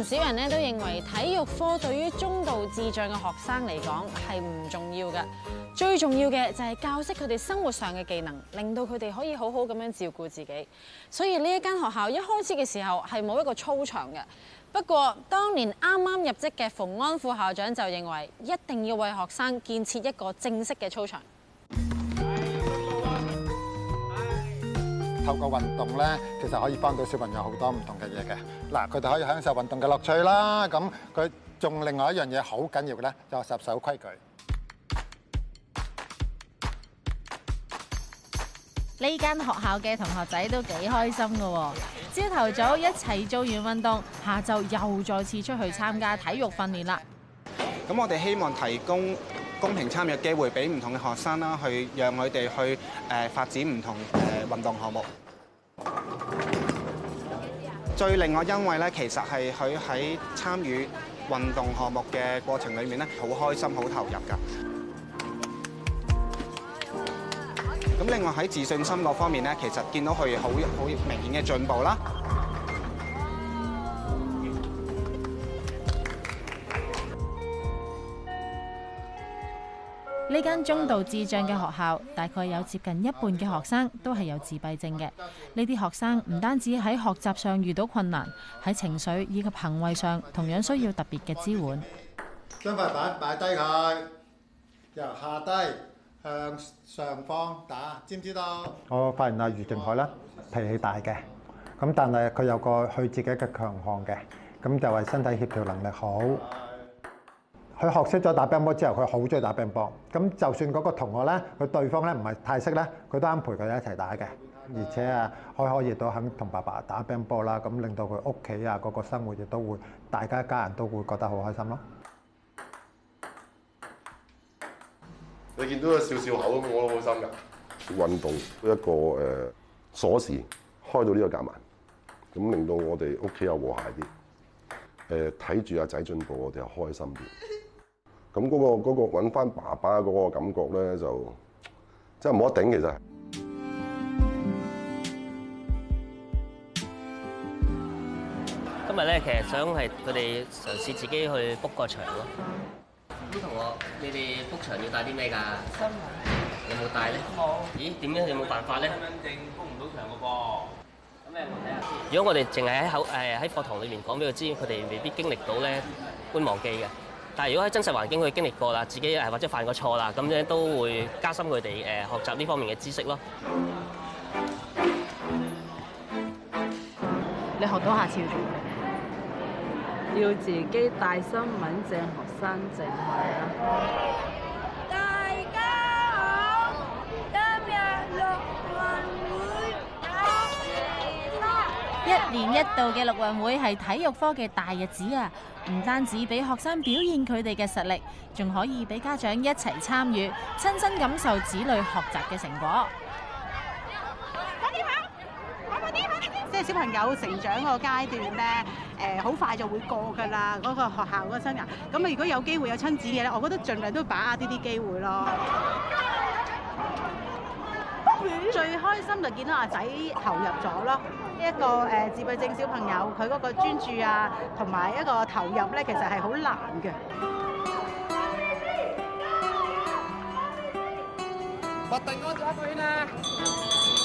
唔少人咧都認為體育科對於中度智障嘅學生嚟講係唔重要嘅，最重要嘅就係教識佢哋生活上嘅技能，令到佢哋可以好好咁樣照顧自己。所以呢一間學校一開始嘅時候係冇一個操場嘅，不過當年啱啱入職嘅馮安副校長就認為一定要為學生建設一個正式嘅操場。透過運動咧，其實可以幫到小朋友好多唔同嘅嘢嘅。嗱，佢哋可以享受運動嘅樂趣啦。咁佢仲另外一樣嘢好緊要嘅咧，就係守規矩。呢間學校嘅同學仔都幾開心㗎喎，朝頭早一齊做完運動，下晝又再次出去參加體育訓練啦。咁我哋希望提供公平參與嘅機會俾唔同嘅學生啦，去讓佢哋去誒、呃、發展唔同誒、呃、運動項目。最令我欣慰咧，其實係佢喺參與運動項目嘅過程裏面咧，好開心、好投入㗎。咁另外喺自信心嗰方面咧，其實見到佢好好明顯嘅進步啦。呢間中度智障嘅學校，大概有接近一半嘅學生都係有自閉症嘅。呢啲學生唔單止喺學習上遇到困難，喺情緒以及行為上同樣需要特別嘅支援。將塊板擺低佢，由下低向上方打，知唔知道？我發現阿余定海啦，脾氣大嘅，咁但係佢有個去自己嘅強項嘅，咁就係身體協調能力好。佢學識咗打乒乓波之後，佢好中意打乒乓波。咁就算嗰個同學咧，佢對方咧唔係太識咧，佢都肯陪佢一齊打嘅。而且啊，佢 可以都肯同爸爸打乒乓波啦。咁令到佢屋企啊嗰個生活亦都會，大家一家人都會覺得好開心咯。你見到佢笑笑口咁，我都好開心㗎。運動一個誒鎖匙，開到呢個閘門，咁令到我哋屋企又和諧啲。誒睇住阿仔進步，我哋又開心啲。咁嗰個嗰個揾翻爸爸嗰個感覺咧，就真係冇得頂其實。今日咧，其實想係佢哋嘗試自己去 book 個場咯。咁同學，你哋 book 場要帶啲咩㗎？有冇帶咧？咦？點解你冇辦法咧？咁樣定 book 唔到場嘅噃。咁你又問咩啊？如果我哋淨係喺口誒喺課堂裏面講俾佢知，佢哋未必經歷到咧觀望機嘅。係，如果喺真實環境佢經歷過啦，自己係或者犯過錯啦，咁樣都會加深佢哋誒學習呢方面嘅知識咯。 你學到下次要自己帶身份證、學生證，係啊。一年一度嘅陸運會係體育科嘅大日子啊！唔單止俾學生表現佢哋嘅實力，仲可以俾家長一齊參與，親身感受子女學習嘅成果。快啲下，快啲，快啲！即係小朋友成長個階段咧，誒，好快就會過㗎啦。嗰、那個學校嗰生涯，咁啊，如果有機會有親子嘅咧，我覺得盡量都把握呢啲機會咯。咁就見到阿仔投入咗咯，一個誒自閉症小朋友，佢嗰個專注啊，同埋一個投入咧，其實係好難嘅。發定安仔對唔對啦？